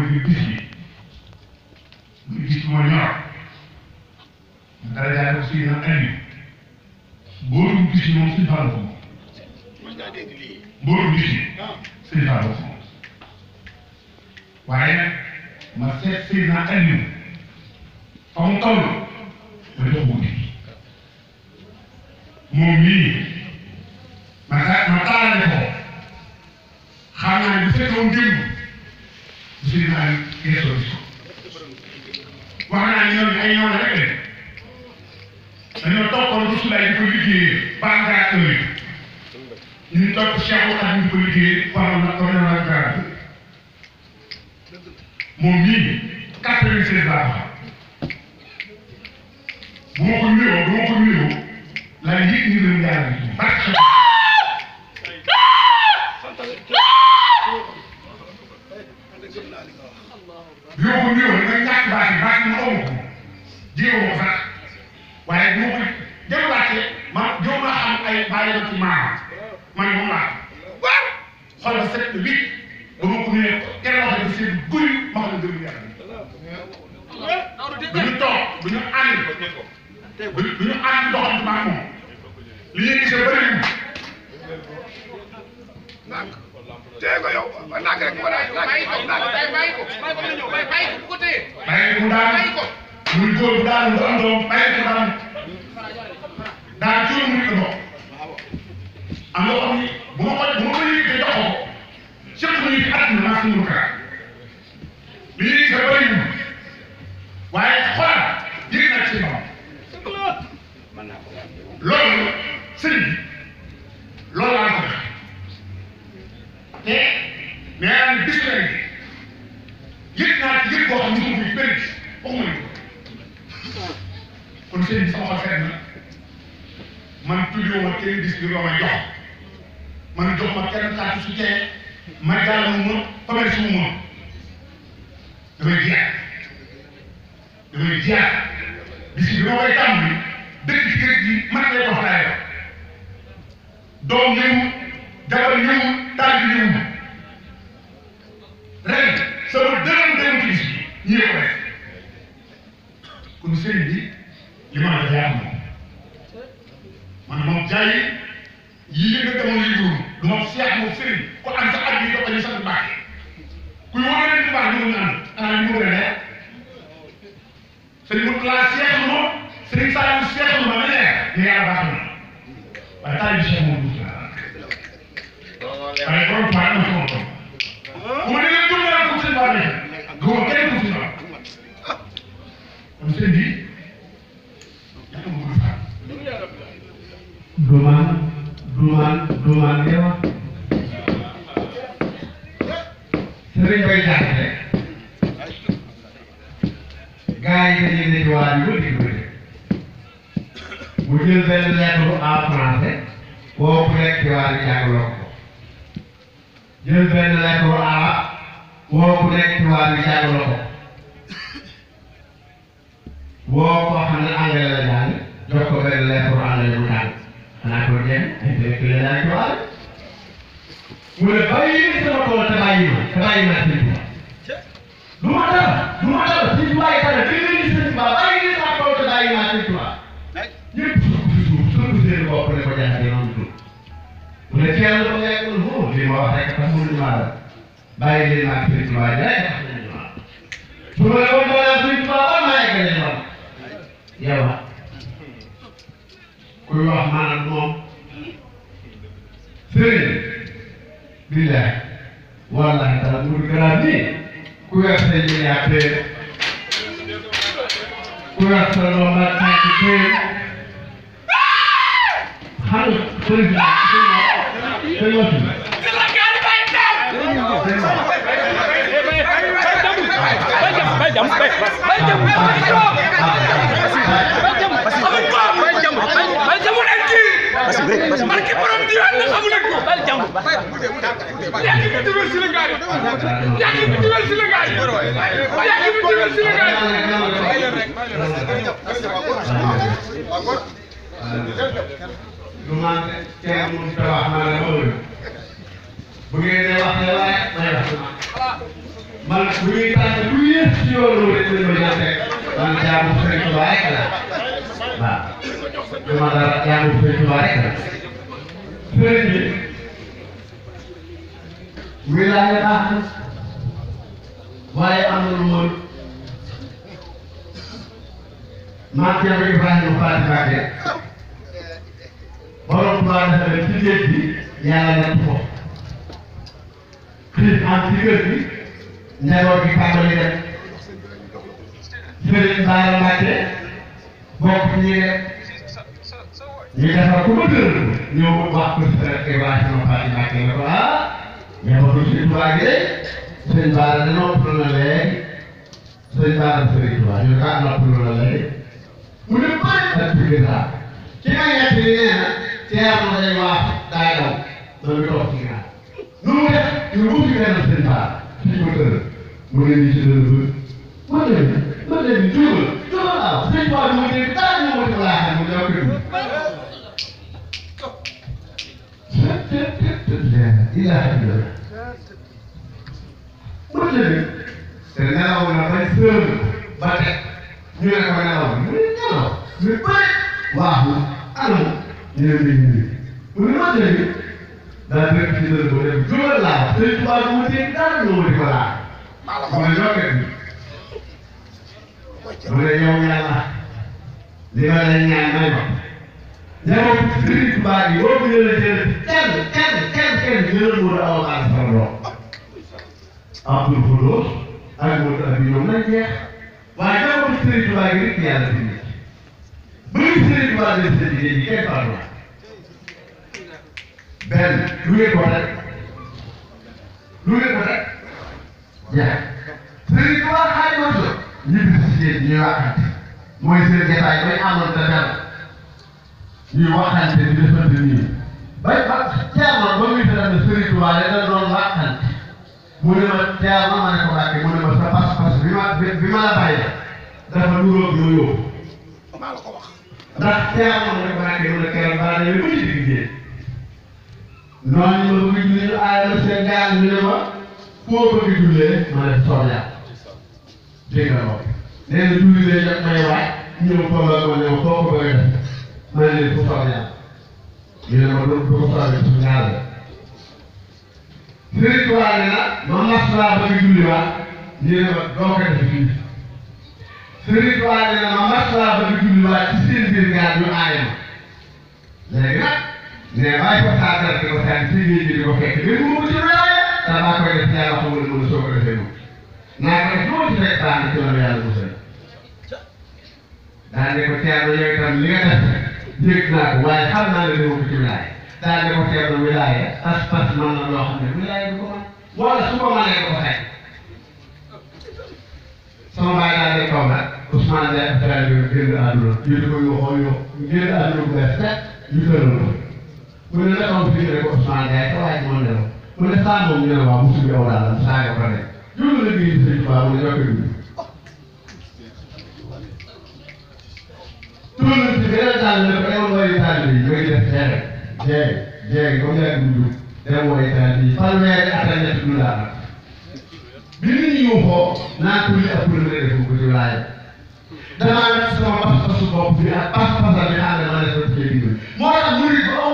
mooy fi bi muy gis mooy ñor dara jaay ko suy na ay booru gis yi moom suñ faalu ko booru gis yi ah. suñ faalu ko waaye nag ma seet suy na ay ma jox ma ma taalale ko xam naa bu fekkoon démb suñu alal gëstoo gis ko wax naa ne ñoom ay ñoom rek lañ dañoo toppoon Rasulaay di ko liggéeyee bànqaat heure yi ñu topp Cheikh Oudar di ko liggéeyee waroon na ko ñëwaat garab moom mii quatre-vingt-seize laa xam bu ma ko nuyoo bu ma ko nuyoo laa yëg ni leen yàlla bi baax xoolal sept huit ba ma ko nuyee kenn wax dëgg seen guy ma xam ne gëm yàlla bi ñu toog bu ñu ànd bu ñu bu ñu ànd doxantu maa moom li ñuy gisee bëri na tee ko yow naag rek wala bàyyi ko bàyyi ko bàyyi ko bàyyi ko bàyyi ko bàyyi ko bàyyi ko bàyyi ko bàyyi kon sëriñ sama xol sedd na man tuddoo ma kenn bis bi ma jox man jox ma kenn xaatu su tee ma jàll ma pamel suuf ma damay jiyaat damay jiyaat bis bi ma koy tàmbali dëkk ci kër gi man lay dox laay dox doom ñëw jabar ñëw ak sëriñ ku ànd ak àgg yi dox ñu sant Mbàkke kuy wane nit ku baax ñu am xanaa ñu wóoree leer sëriñ Mourtala seetlu moom sëriñ Saliou seetlu ma ba leer ñu yàlla baax na waaye taal bi seetlu moom Mourtala waaye borom paa am na ko bu ma déggee tur bi ko sëriñ Ba nekk góor kenn ku ci am kon sëriñ bi kaay ka ñu nettoyé lu di bëri mu jël benn lettre en français kooku rek diwaan yi jàngaloo ko jël benn lettre arabe kooku rek diwaan yi jàngaloo ko woo koo xam ne anglais la daal jox ko benn lettre anglais mu daal xanaa ko jëm intellectuel la daal mu ne bàyyi sama tool te bàyyi ma te bàyyi ma bopp ne ko jaxatee noonu tudd mu ne kenn ko lekkul fu li ma wax rek tax mu jumaa la bàyyi leen ji rek tax ñu jumaa su ma la woon dooleel Sëriñ Tuubaa war naa yegg leen noonu yow la kuy moom sëriñ billahi wallahi taala mu gënaat nii ku weex sa ñi yaa téye ku weex sa loo ma tànk xaal président sëñ Wassou bay jam bay jam barki borom di yoon na xamu leen ko bay jam yaa ngi ko dugal si la gaari yaa ngi ko dugal si la gaari يكون سوى أعمال أولنا بغير الله لا لا يحسن من كوي تان كوي يسيون ولد المجاز من جاب سرك بارك لا ما لما دار جاب سرك بارك لا سرني ولاية أحمد ولاية أمر المول ما كان يبغى يفعل بعدين Ibrahima tamit ci géej gi yàlla natt ko crise am ci kër gi njaboot gi tàmbali dem sëriñ Baara Mbàkke bokk ñi ñu defar ko ba tëral ñëw wax ko si Ibrahima Faty Mbàkke ne ko ah njabootu si Tuubaa gi sëriñ Baara dañoo ëpp la léegi sëriñ Baara sëriñ Tuubaa ñu ne ko am ah, na ëpp la léegi mu ne bëri nag ci gën a ki nga ñett li nee na teerlu day waax daay daw dana toog ci ginnaaw nu mu def ñu wuti benn sëñ Bara fii ba tëral mu ne nii ci dënn ba ma leen ma leen jubal jubal laaw sëñ Bara mu ne dara ñu ma def laaxal mu jaw kër ilaha illallah ma leen te nelaw na bay sër ba teg ñu ne ko nelaw mu ne nelaw mu bëri waaxu anamu ñu ne ñu mu ne man tamit daan nekk ci dër boo dem jógal laa sëñ Tuubaa bu wutee dara ñëw di ko laal mu ne ñoo bi mu ne yow yàlla li ma la ñaan may ma ñamoom sëriñ Tuubaa yi boo ko jëlee jëlee kenn kenn kenn kenn jëlal mu ne aw xaalis sama doom Abdul Xudoos ak mu ne ñoom nañ jeex waaye ñamoom sëriñ Tuubaa yi bëri Serigne Touba def sa liggéey bi kenn faral la benn lu ngeen ko rek lu ngeen ko rek jeex Serigne Touba xaaj ma so ñu bis si yéen ñuy waxante mooy seen jotaay bay amoon te dara ñuy waxante di defante nii bay ba teemoon ba muy dara ne Serigne Touba da doon waxante mu ne ma teel ma ma ne ko laajte mu ne ma sa pas-pas bi ma bi ma la bàyyi dafa nuróog yooyu maa la ko wax ndax teewoon nga ko nekk yow la keroog balaa ñëwee ba ci digg jéem noonu ñu ma bëgg julli ñu aay ma seen gaal ñu ne ma foo bëgg jullee ma ne soor yaa dégg nga moom nee na julli day jot may waaj ñëw foo la ma ne ma foo ko bëgg a def ma ne leen fu soor yaa ñu ne ma doon bëgg soor yaa suñu ñaar la sëriñ Tuubaa ne na ma mas laa bëgg julli waat ñu ne ma doo ko def julli Sëriñ Tuubaa nee na ma mas laa bëgg julliwaat ci seen biir gaal ñu aay ma léegi nag nee bàyyi ko saa dara di ko saa si biir bi di ko fekk léegi mu mujj loolee damaa koy def yàlla xamul ne soo ko defee moom naa koy tuuti fekk baax na ci loolu yàlla musal daal ne ko teerlu yow itam li nga def dégg naa ko waaye xam naa ne dama ko ci wilaay daal ne ko teerlu wilaay pas-pas man la loo xam ne wilaay du ko man wala su ko mënee ko fekk sama baay laa nekk kaw nag Ousmane Ndiaye Abdoulaye Diop génn àdduna ñu di ko yoo yoo génn àdduna bu bees rek ñu tëral ko mu ne la xam fi rek Ousmane Ndiaye sa waay moom ne la mu ne saa moom ñu ne waaw mosu yow daal la saa nga ko ne juróom la bii sëñ Tuubaa mu ne ñoo ko bind tural ci beneen daal ne ko demal wari taalibe yi ñooy def jeeg jeeg jeeg ba mu yàgg mu jub dem wari taalibe yi fanweeri at ak ñett dund daal bililiyo ko naa ko lii ëpp la def ko ci laay damaa nekk sama pas-pasu bopp bi ak pas-pas bi ànd ma nekk ci biir moo tax murid